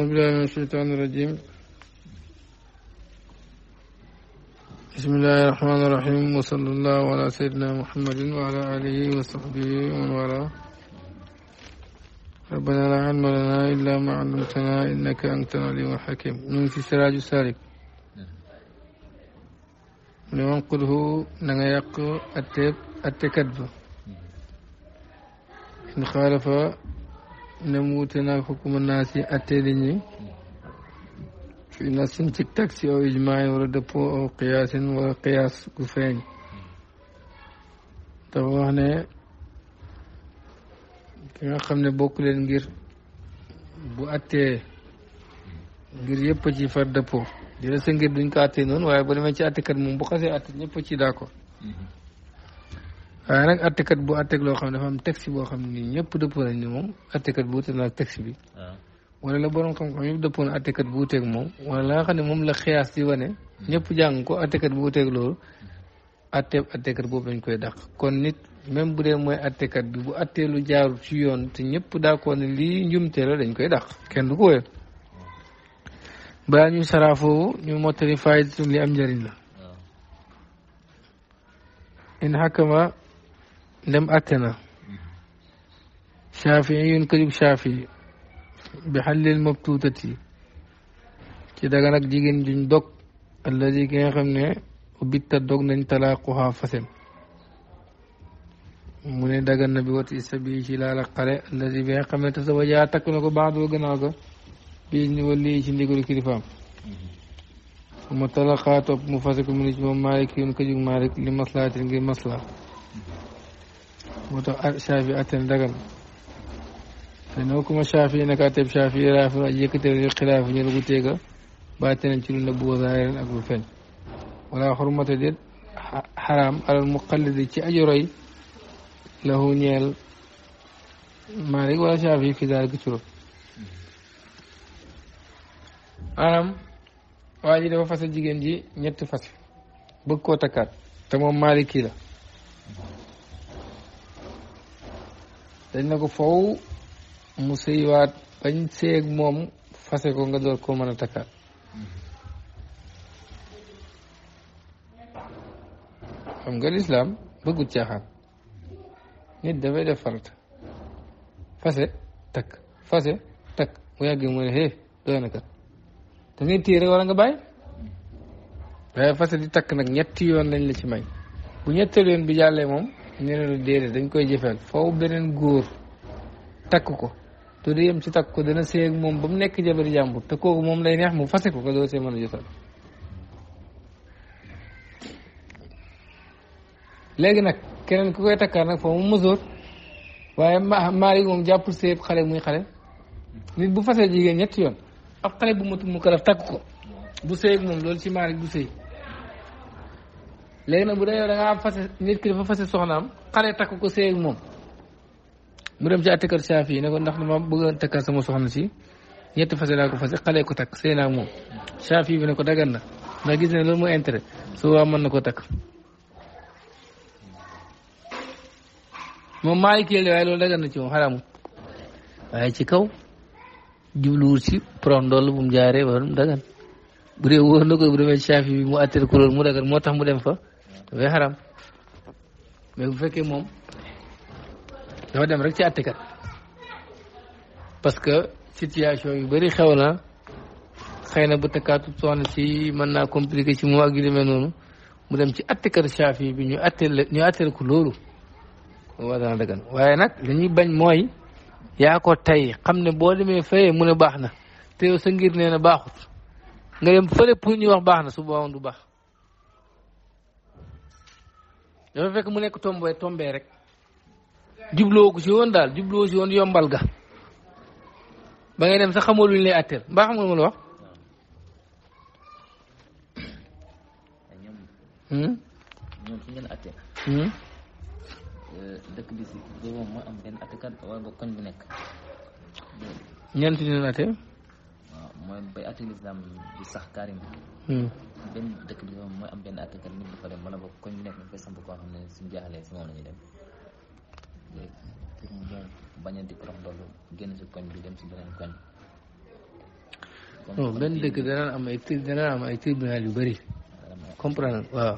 أعوذ بالله من الشيطان الرجيم بسم الله الرحمن الرحيم وصلى الله على سيدنا محمد وعلى آله وصحبه ومن والاه ربنا لا علم لنا إلا ما علمتنا إنك أنت العليم الحكيم من في سراج السالك لننقله نعم، نغيق نعم، التب التكذب إن خالف ne wute naa xukuma naa si attee di ñi fi nasin ci taksi aw ijmaay wala dëppoo aw qiyaasin wala qiyaas gu feeñ dafa wax ne ki xam ne bokk leen ngir bu attee ngir yëpp ci far dëppoo dina ngir duñ ko attee noon waaye ba demee ci attekat moom bu xasee atte ñëpp ci d'accord mm-hmm. waaye nag attekat bu attek loo xam ne dafa am texte boo xam ne ñëpp dëppoo nañ ne moom attekat bu wute naag texte bi. Ah. wala la borom xam-xam yëpp dëppoon attekat bu wuteeg moom wala la nga xam ne moom la xiyaas di wane. ñëpp jàng ko attekat bu wuteeg loolu. atteeb attekat boobu lañ koy dàq kon nit même bu dee mooy attekat bi bu attee lu ci yoon te ñëpp d'accord ne lii njumte la dañ koy dàq kenn du ko wéyal. balaa ñuy saraafoo ñu mottali faayda li am njëriñ la. Ah. لم أكنه شافعي كذب شافعي بحل المبتوتة ci daga nag jigéen juñ dog alladi ki nga xam ne bitta dog nañ talaaquha fasem mu ne dagan na bi wati sabi ci laala xare alladi bi nga xam ne tasawajaa takk na ko baax doo gannaaw ga bii ni wa lii ci ndigalu kilifaam ma talaqaa topp mu fase ko mu ne ci moom maalik yun ko jug maalik li maslaatin ngir maslaa woto shafi atten dagan sannan kuma shafi na katab shafi ya rafi a yakatar da khilafin ya rubuce ga batinan cikin na buwa zahirin a gurfen wala hurmata da haram alal muqallid da ci ajurai lahu niyal malik wala shafi fi zalika turu anam waji dafa fasa jigéen ji ñetti fas bëgg koo takkaat te maliki la dañ na ko faw mu sëywaat bañ seeg moom fase ko nga door koo mën a takkaat xam nga lislaam bëggut caaxaan nit dafay def farata fase takk fase takk bu yàggee mu ne hee doy na kat da ngay téye nga bàyyi waaye fase di takk nag ñetti yoon lañ la ci may bu ñetteelu yoon bi jàllee moom neneen ne la dañ koy jëfeel faw beneen góor takk ko te du yem ci takk ko dana séeg moom ba mu nekk jabar jàmbur te kooku moom lay neex mu fase ko ko doo see a jotal léegi nag keneen ku koy takkaar nag foo mu mësoor waaye maari moom jàpp séeb xale muy xale nit bu fasee jigéen ñetti yoon ab xale bu matul mu kalaf takk ko bu séeg moom loolu ci maari bu séeg léegi na bu dee yow da ngaa fase nit ki dafa fase soxnaam xale takk ko seeg moom mu dem ci àttekat Saafi yi ne ko ndax dama bëggoon takkal sama soxna si ñetti fase laa ko fase ko takk sëy naa moom Saafi bi ne ko dagan na ndax gis ne mooy intérêt su mën na ko takk moom maa ngi kii na ci moom xaraamut waaye ci kaw jubluwul si prom dool bu mu jaaree ba mu dagan bu dee wóor na ko bu demee Saafi bi mu àtteel ko loolu mu dagan moo tax mu dem fa dafay xaram mais bu fekkee moom dafa dem rek ci àttekat parce que situation yu bëri xew na xëy na bu takkaatu soxna si mën naa compliqué ci moom ak yu demee noonu mu dem ci àttekat Shaafi bi ñu attel ñu àtteel ko loolu waaw dana dëggan waaye nag dañuy bañ mooy yaa ko tey xam ne boo demee fayee mu ne baax na te sa ngir nee na baaxut nga dem fële pour ñu wax baax na su boobu du baax. dafa fekk mu nekk tombé tombé rek jubloo ko si woon daal jubloo si woon yombal ga ba ngay dem sax xamoo lu lay atteel mbaa xam nga ma la wax. Hmm? ñoom su ngeen mooy bay atte lislaam bi sax carrément hmm. benn dëkk bi mooy am benn attekat nit dafa dem wala boog koñ bi nekk dañ fay samp si moom la a di prox ay danaan am yu bëri comprendre waaw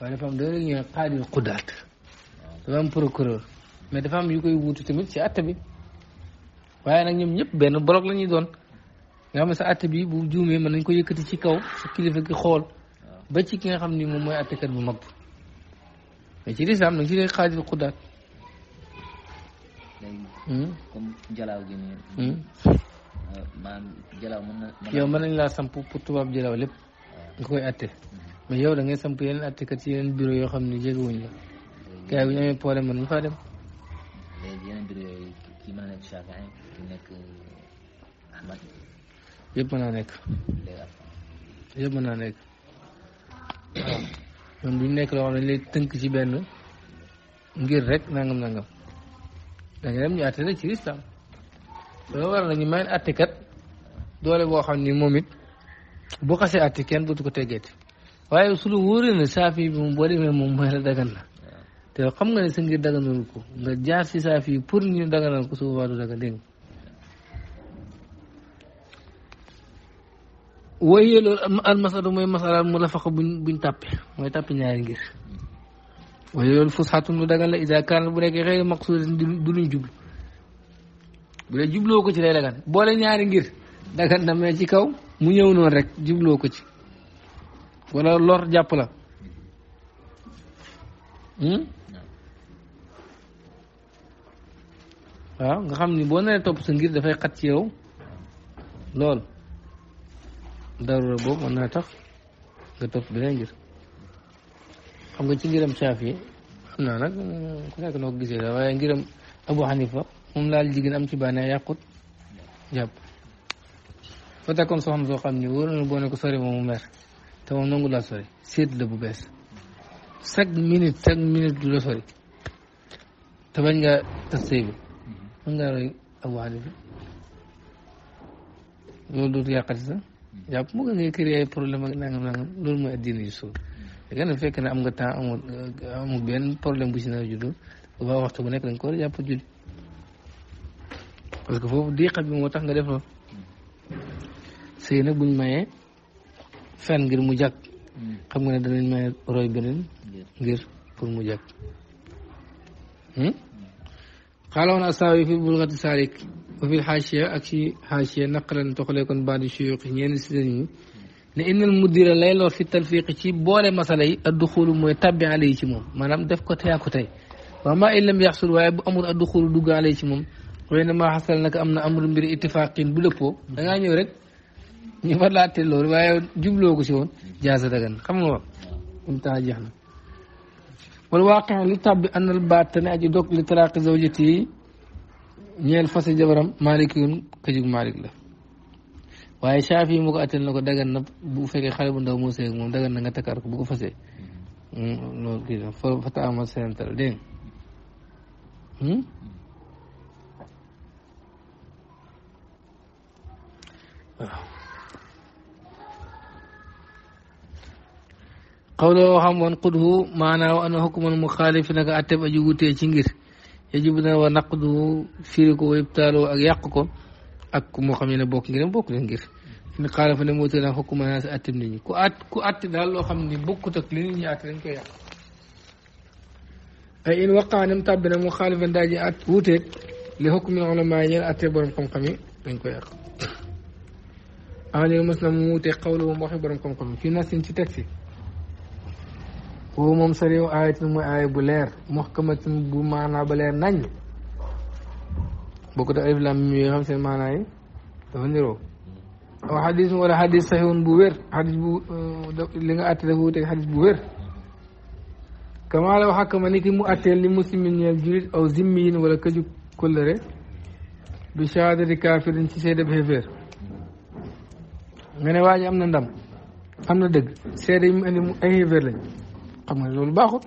waaye dafa am dana ñuy xaadil xuddaat dafa am procureur mais dafa am yu koy wuutu tamit ci atte bi waaye nag ñoom ñëpp benn bloc la doon nga xam ne sa atte bi bu juumee mën nañ ko yëkkati ci kaw sa kilifa gi xool ba ci ki nga xam ni moom mooy attekat bu mag mais ci lislaam nag ci dee xaajil xuddaat hmm? comme hmm? euh, yow mën nañ laa samp pour tubaab jalaaw lépp nga koy atte hmm. mais yow da ngay samp yeneen attekat ci yeneen bureau yoo xam ne jegewuñ la gars yi bu ñu amee problème mën nañ faa dem yëpp mën naa nekk yëpp mën naa nekk waaw ñoom duñ nekk loo xam tënk ci benn ngir rek nangam nangam dañu dem ñu àtte rek ci lislam loolu war nañu may àttekat doole boo xam ni moom it boo xasee àtte kenn dootu ko teggeeti waaye su lu wóoree na saafi bi moom boo demee moom mooy la dagan na te xam nga ne sa ngir daganal ko nga jaar si saafi pour ñu daganal ko su boobaa du dagan dégg waaye loolu al masala mooy masala mu la faqa buñ buñ tàppe mooy tàppe ñaari ngir waaye loolu fusxatun lu dagan la ida kaana bu nekkee xëy maqsuudin du luñ jublu bu dee jubloo ko ci lay dagan boole ñaari ngir dagan na mais ci kaw mu ñëw noonu rek jubloo ko ci wala lor jàpp la hmm? waaw nga xam ni boo naree topp sa ngir dafay xat ci yow lool darura boobu mën naa tax nga topp beneen ngir xam nga ci ngiram Shaafi xam naa nag ku nekk noo ko gisee la waaye ngiram Abu Hanifa moom laal jigéen am ci bànneex yàqut jàpp fa takkoon soxna soo xam ni wóor na boo ne ko sori moomu mer te moom nangu laa sori seet la bu bees chaque minute chaque minute du la sori te bañ nga tas sëy bi mën ngaa roy Abu Hanifa loolu dootu yàqati sax jàpp mu nga ngay créer ay problème ak nangam nangam loolu mooy addina yu suur da nga ne fekk ne am nga temps amul euh, amul benn problème bu si nar a judd ba waxtu bu nekk da nga ko war jàpp julli parce que foofu diiqa bi moo tax nga def loolu sëy nag buñ mayee fen ngir mu jàkk xam nga ne danañ maye roy beneen ngir pour mu jàkk xaaloon hmm? asaawi fi bulgati saalik وفي الحاشية أكشي حاشية نقلا تخليكم بعد الشيوخ نين سنين لأن المدير لا يلور في التلفيق شيء بولا مسألة الدخول متبع عليه شيء مم ما مانام دف تيا كتاي وما إن لم يحصل وعيب أمر الدخول دوغ عليه شيء مم وينما حصل لك أمر أمر بر اتفاق بلبو دعنا نيورك نفر لا تلور وعيب جبلو كشون جاهز تكن كم هو انتهى جهنا والواقع لتب أن الباتن أجدوك لتلاقي زوجتي ñeel fas jabaram maalikiyun këjug maalik la waaye Shaafi yi mu ko attel na fekkee xale ndaw moo sëy moom dagan nga takkaar ko bu fasee loolu mm-hmm. mm, kii la fa fa taamal seental dégg xawloo hmm? xam woon xudhu maanaa wa mu xaalif naka atteb aju ci ngir yajibu dana war naqdu firi ko wa ibtaaloo ak yàq ko ak moo xam ne bokk ngir bokk na ngir in xaalafa ne moo tënaa xokku manaas attim nit ñi ku at ku atti daal loo xam ne bokkut ak li nit ñi atti dañ koy yàq ay in waqaanem tàbbi na mu xaalifa daaji at wuuteeg li xokku min ulama yi ñeen attee borom xam-xam yi dañ koy yàq aw ne mos na mu wuuteeg xawlu moom waxi borom xam-xam yi fii nasin ci teg si woowu moom sariwu ayatin mooy aaya bu leer muhkamatin bu maanaa ba leer nañ bokk da alif lam mim xam seen maanaa yi dafa niroo aw xadis wala xadis saxiwun bu wér xadis bu euh, li nga atte dafa wuteeg mu atteel li aw zimmiyin wala këju kóllëre bi shahadati kafirin ci seede xéeféer nga ne waa am na ndam am na dëgg seede mu indi mu ay lañ xam nga loolu baaxut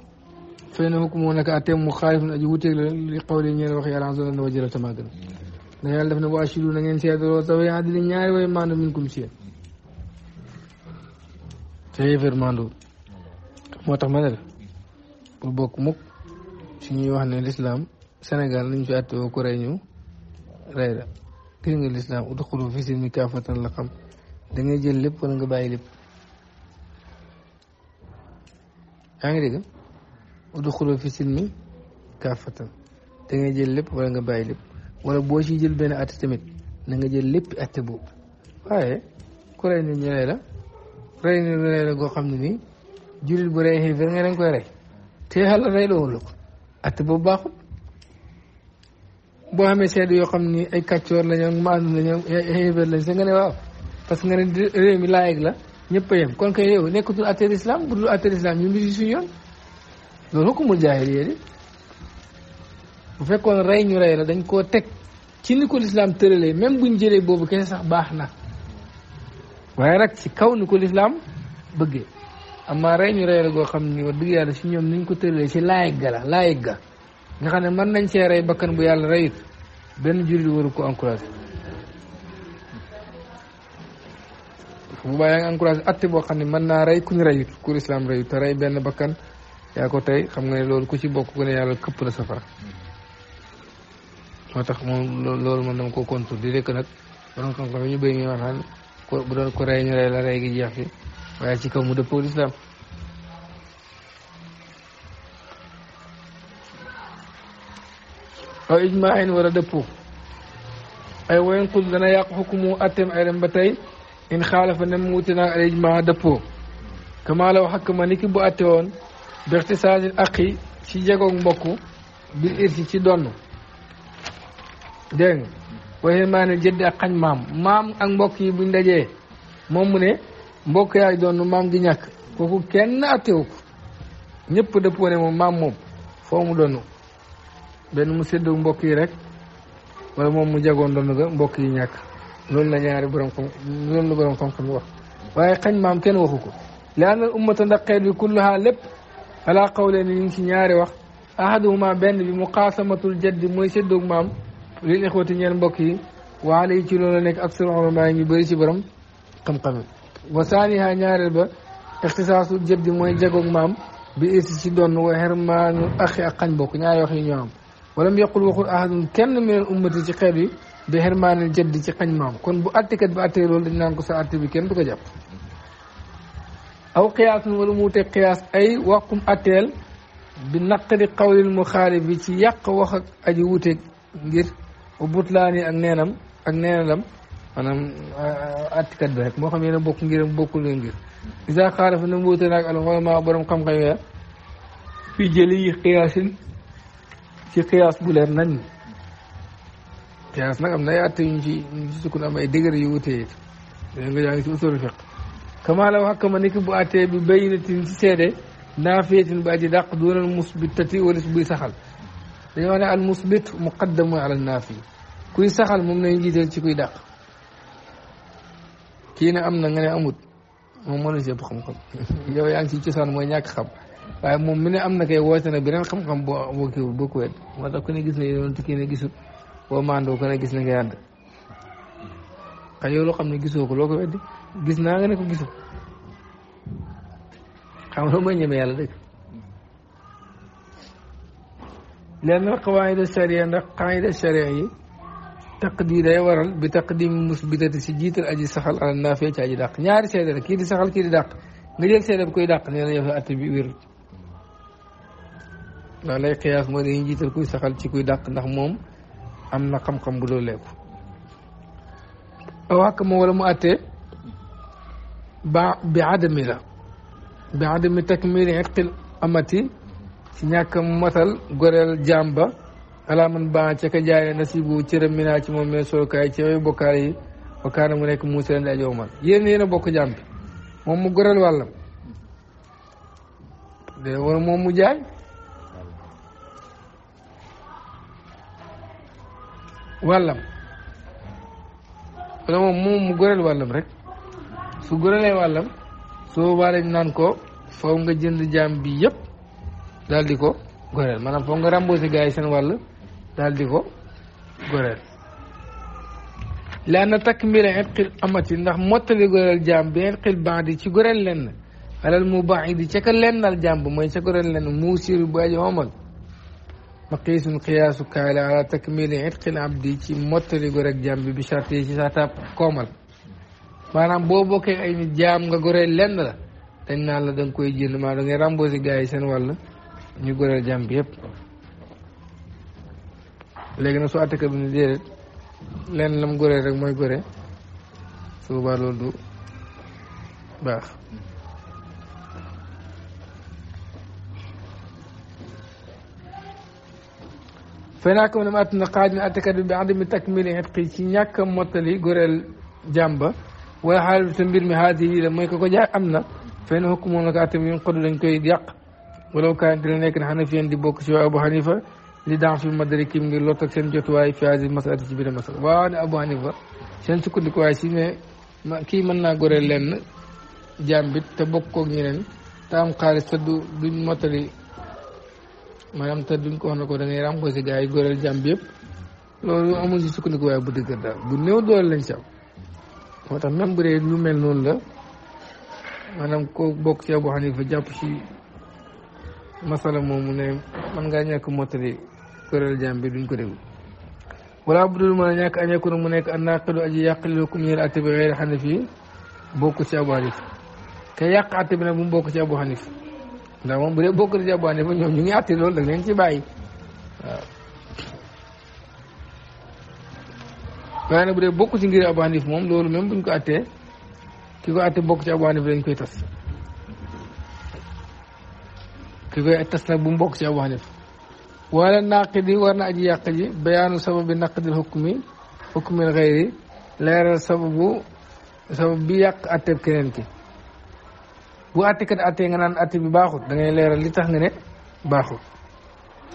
fay na hukmu naka atteem mu xaalif na aji wuteeg la li xawle ñeen wax yàlla azza wa jalla tamaa gën ndax yàlla def ne waa shidu na ngeen seetloo sa way àddina ñaari way maandu min kum si yéen te yéefar maandu moo tax ma ne la bul bokk mukk suñuy wax ne l'islam Sénégal nañ fi àtte woo ku rey ñu rey la gis nga l'islam uduxulu fi silmi kaafatan la xam da ngay jël lépp wala nga bàyyi lépp yaa ngi dégg udxulu fi silmi kaafatan da ngay jël lépp wala nga bàyyi lépp wala boo ci jël benn atte tamit na jël lépp atte boobu waaye ku rey nit ñu la rey nit ñu rey la goo xam ne nii jullit bu rey xiifir nga dañ koy rey te yàlla rey loolu ko atte boobu baaxul boo xamee seede yoo xam ni ay kàccoor lañu ak maandu lañu xiifir lañ sa nga ne waaw parce que nga ne réew mi laayeg la ñëpp a yem kon kay yow nekkatul atteer islam bu dul atteer islam ñu ngi si suñu yoon loolu xukumul jaahiliya di bu fekkoon rey ñu rey la dañ koo teg ci ni ko lislaam tëralee même buñ jëlee boobu kese sax baax na waaye rek ci kaw ni ko lislaam bëggee amaa rey ñu rey la goo xam ni wax dëgg yàlla si ñoom niñ ko tëralee ci laayeg la laayeg ga nga xam ne mën nañ see rey bakkan bu yàlla rey benn jullit waru ko encouragé bu bàyyi nga encouragé atte boo xam ne mën naa rey ku ñu reyut ku islam reyut te rey benn bakkan yaa ko tey xam nga ne loolu ku ci bokk ku ne yàlla këpp safara hmm. moo tax moom loolu man dama ko kontur di rek nag borom xam-xam ñu bëri ñu wax ko bu doon ko rey ñu rey la rey gi jeex fi waaye ci kaw mu dëppoo aw ijmaa war a dëppoo ay kul dana yàq xukumu atteem ay dem ba tey in xaalafa nem wuute naag al ijma dëppoo kama law xakk ma ni bu atte woon bexti saagil aqi ci jegoog mbokk bil irsi ci donn dégg nga waaye maa ak xañ maam maam ak mbokk yi buñ dajee moom mu ne mbokk yaay donn maam gi ñàkk kooku kenn attewu ñépp ñëpp dëppoo ne moom maam moom foo mu donn benn mu séddoo mbokk yi rek wala moom mu jegoon donn ga mbokk yi ñàkk noonu la ñaari borom xam noonu la borom xam-xam yi wax waaye xañ maam kenn waxu ko laan al ummata ndax xeet bi kulluha lépp ala qawle ni ñu ngi ci ñaari wax ahaduhuma benn bi muqaasamatul jaddi mooy séddoog maam lil ixwati ñeen mbokk yi waale yi ci loolu nekk ak sunu ulama yi ñu bëri ci borom xam-xam yi wa saaniha ñaareel ba ixtisaasul jaddi mooy jagoog maam bi irsi ci doon wa xermaanu axi ak xañ bokk ñaari wax yi ñoo am walam yaqul waxul ahadun kenn minal ummati ci xeet yi bi xirmaanil jëdd ci xañ maam kon bu attikat bi attee loolu dañ naan ko sa atte bi kenn du ko jàpp aw xiyaasun wala mu wute xiyaas ay waxum atteel bi naqari xawlil mu xaali bi ci yàq wax ak aji wute ngir butlaani ak neenam ak neenalam maanaam attikat bi rek moo xam yéen bokk ngir bokkul ngeen ngir isa xaarafa na mu wute naag al ulama borom xam-xam ya fi jëli yi xiyaasin ci xiyaas bu leer nañ تيانس نعم نيا تنجي نجس كنا ما يدغر يوتيت لأن غير يعني تقصر فيك كما لو هكذا ما نكب أتي ببين تنسيره نافية بعد ذاق دون المثبتة والثبوت سهل لأن المثبت مقدم على النافي كل سهل ممن يجي ذلك كل ذاق كينا أمنا غير أمود ممن يجيب خم خم يو يعني تيجي سان ما يجاك خم فممن أمنا كي واتنا بيرن خم خم بو بو كيو بو كويت ما تكوني جسنا يوم تكيني جسنا boo maandoo ko ne gis na nga yàdd loo xam ne gisoo ko loo ko gis naa nga ne ko gisu xam nga mooy ñeme yàlla dëgg lenn qawaayida sharia ndax qawaayida sharia yi taqdir day waral bi taqdim musbitati si jiital aji saxal ala naafee ci aji dàq ñaari seede la kii di saxal kii di dàq nga jël seede bu koy dàq nee na yow sa atte bi wérul loolu lay xiyaas mooy jiital kuy saxal ci kuy dàq ndax moom am na xam-xam bu dooleeku aw xàkk ma wala mu àttee ba bi adami la bi adami takmili xeqil amati ci ñàkk matal goreel jaam ba alaaman baa ca ka jaayee nasibu cëram mi naa ci moom mais sookaay ci yooyu bokkaal yi mu nekk muusa leen di ajow man bokk jaam moom mu goreel wàllam de wala moom mu jaay wàllam wala moom moom mu goreel wàllam rek su goreelee wàllam su boobaa dañ naan ko faw nga jënd jaam bi yëpp daal ko goreel maanaam faw nga remboursé gars yi seen wàll daal ko goreel laa na takk mbira inqil amati ndax mottali goreel jaam bi inqil baax di ci goreel lenn alal mu baax di ca ka lennal jaam mooy ca goreel lenn mu siiru bu aji omal maqiisun qiyaasukaay la ala takmili itqil abdi ci mottali góor ak jaam bi bi charte yi ci saataab koomal maanaam boo bokkee ay nit jaam nga goreel lenn la dañ naan la da koy jënd maa da ngay remboursé gars yi seen wàll ñu goreel jaam bi yëpp léegi nag su attaka bi ne déedéet lenn la mu goreel rek mooy gore su boobaa loolu du baax fenaa ko mu ne ma àttuna xaaj mi àttekat bi bi adami takmili itqi ci ñàkk a mottali góoreel jàmba wala xaalis te mbir mi xaalis yi la mooy ko ko jaay am na fenn xukk moom la ko àttam yu xodu dañ koy yàq wala kaan dina nekk ne xanafiyan di bokk ci waa Abu Hanifa li daan fi madarikim ngir lot ak seen jotuwaay fi hadi masalati ci biir masala waaw ne Abu Hanifa seen sukkandikuwaay si ne kii mën naa góoreel lenn jàmbit te bokk koog ñeneen te am xaalis te du duñ mottali maanaam te duñ ko wax ne ko da ngay rembourser gars yi góoreel jàmm bi yëpp loolu amul si sukkandiku waaye bu dëgg daal bu néew doole lañ sax moo tax même bu dee lu mel noonu la maanaam ko bokk ci Abu Hanifa jàpp ci masala moomu ne man ngaa ñàkk mottali góoreel jàmm duñ ko déglu. wala bu dul mën a ñàkk añeeku na mu nekk an naaqidu aji yàq li ko minal atte bi xeyri xanif yi bokk ci Abu Hanifa te yàq atte bi nag mu bokk ci Abu Hanifa ndax moom bu dee bokk na ci Abu ñoom ñu ngi àtte loolu da leen ci bàyyi waaw. bu dee bokk ci ngir Abu Hanifa moom loolu même buñ ko àttee ki ko àtte bokk ci Abu Hanifa dañ koy tas ki koy tas bu mu bokk ci Abu Hanifa wala yàq ji bayaanu sababi naqdil hukmi hukmil xayri leeral sababu sabab bi keneen ki. bu attikat attee nga naan atti bi baaxut da ngay leeral li tax nga ne baaxut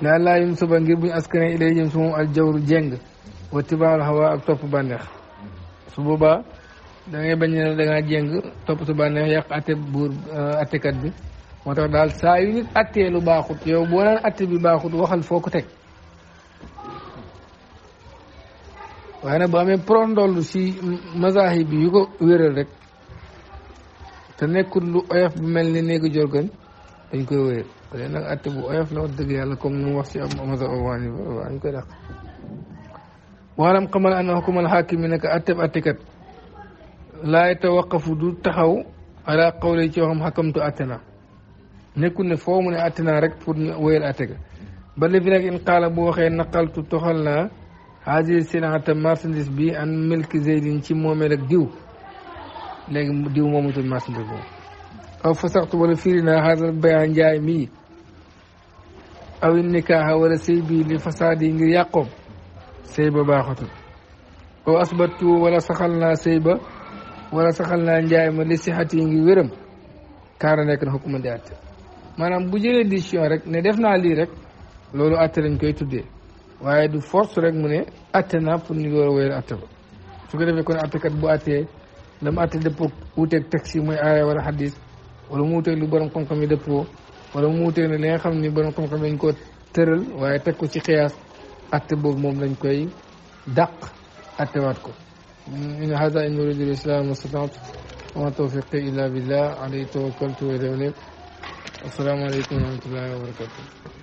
la laa yum suba ngir buñ askane ilay jëm si al jawru jeng wa tibaal hawa ak topp bànneex su boobaa da ngay bañ ne da ngaa jeng topp su bànneex yàq atte buur attekat bi moo tax daal yu nit attee lu baaxut yow boo naan atte bi baaxut waxal foo ko teg waaye nag bu prondol si mazahib bi yu ko wéral rek te nekkul lu oyof bu mel ni néegu jorgan dañ koy wéyal léegi nag bu oyof la wax dëgg yàlla comme mu wax si am amata owaani waaw dañ koy dàq waalam xamal ana xukumal xaakim du taxaw ala qawle ci waxam xakamtu atte na nekkul ne foo mu ne atte naa rek pour wéyal atte ga ba léegi nag in qaala bu waxee naqaltu toxal naa haasi sénata marchandise bi an milki zeydin ci moomeel ak diw léegi diw moomatul marchandise boobu aw fasaxtu wala firi naa xaaral bayaan njaay mii aw nikaaxa wala sëy bii li fasaad yi ngir yàqoom sëy ba baaxatul aw asbattu wala saxal naa sëy ba wala saxal naa njaay ma li sixat yi ngir wéram kaara nekk na xukkuma di àtte maanaam bu jëlee décision rek ne def naa lii rek loolu àtte lañ koy tuddee waaye du force rek mu ne àtte naa pour ñu door a wéyal àtte su ko defee kon àttekat bu àttee la mu atte dëppoo wuuteeg texte yi mooy aaya wala xadis wala mu wuuteeg lu borom xam-xam yi dëppoo wala mu wuuteeg ne li nga xam ni borom xam-xam dañ koo tëral waaye teg ko ci xiyaas atte boobu moom lañ koy dàq attewaat ko in hada in uridu lislam mastatat wama tawfiqi illa billah alayhi tawakkaltu wa ilayhi unib asalaamaaleykum wa rahmatullahi wa barakatuh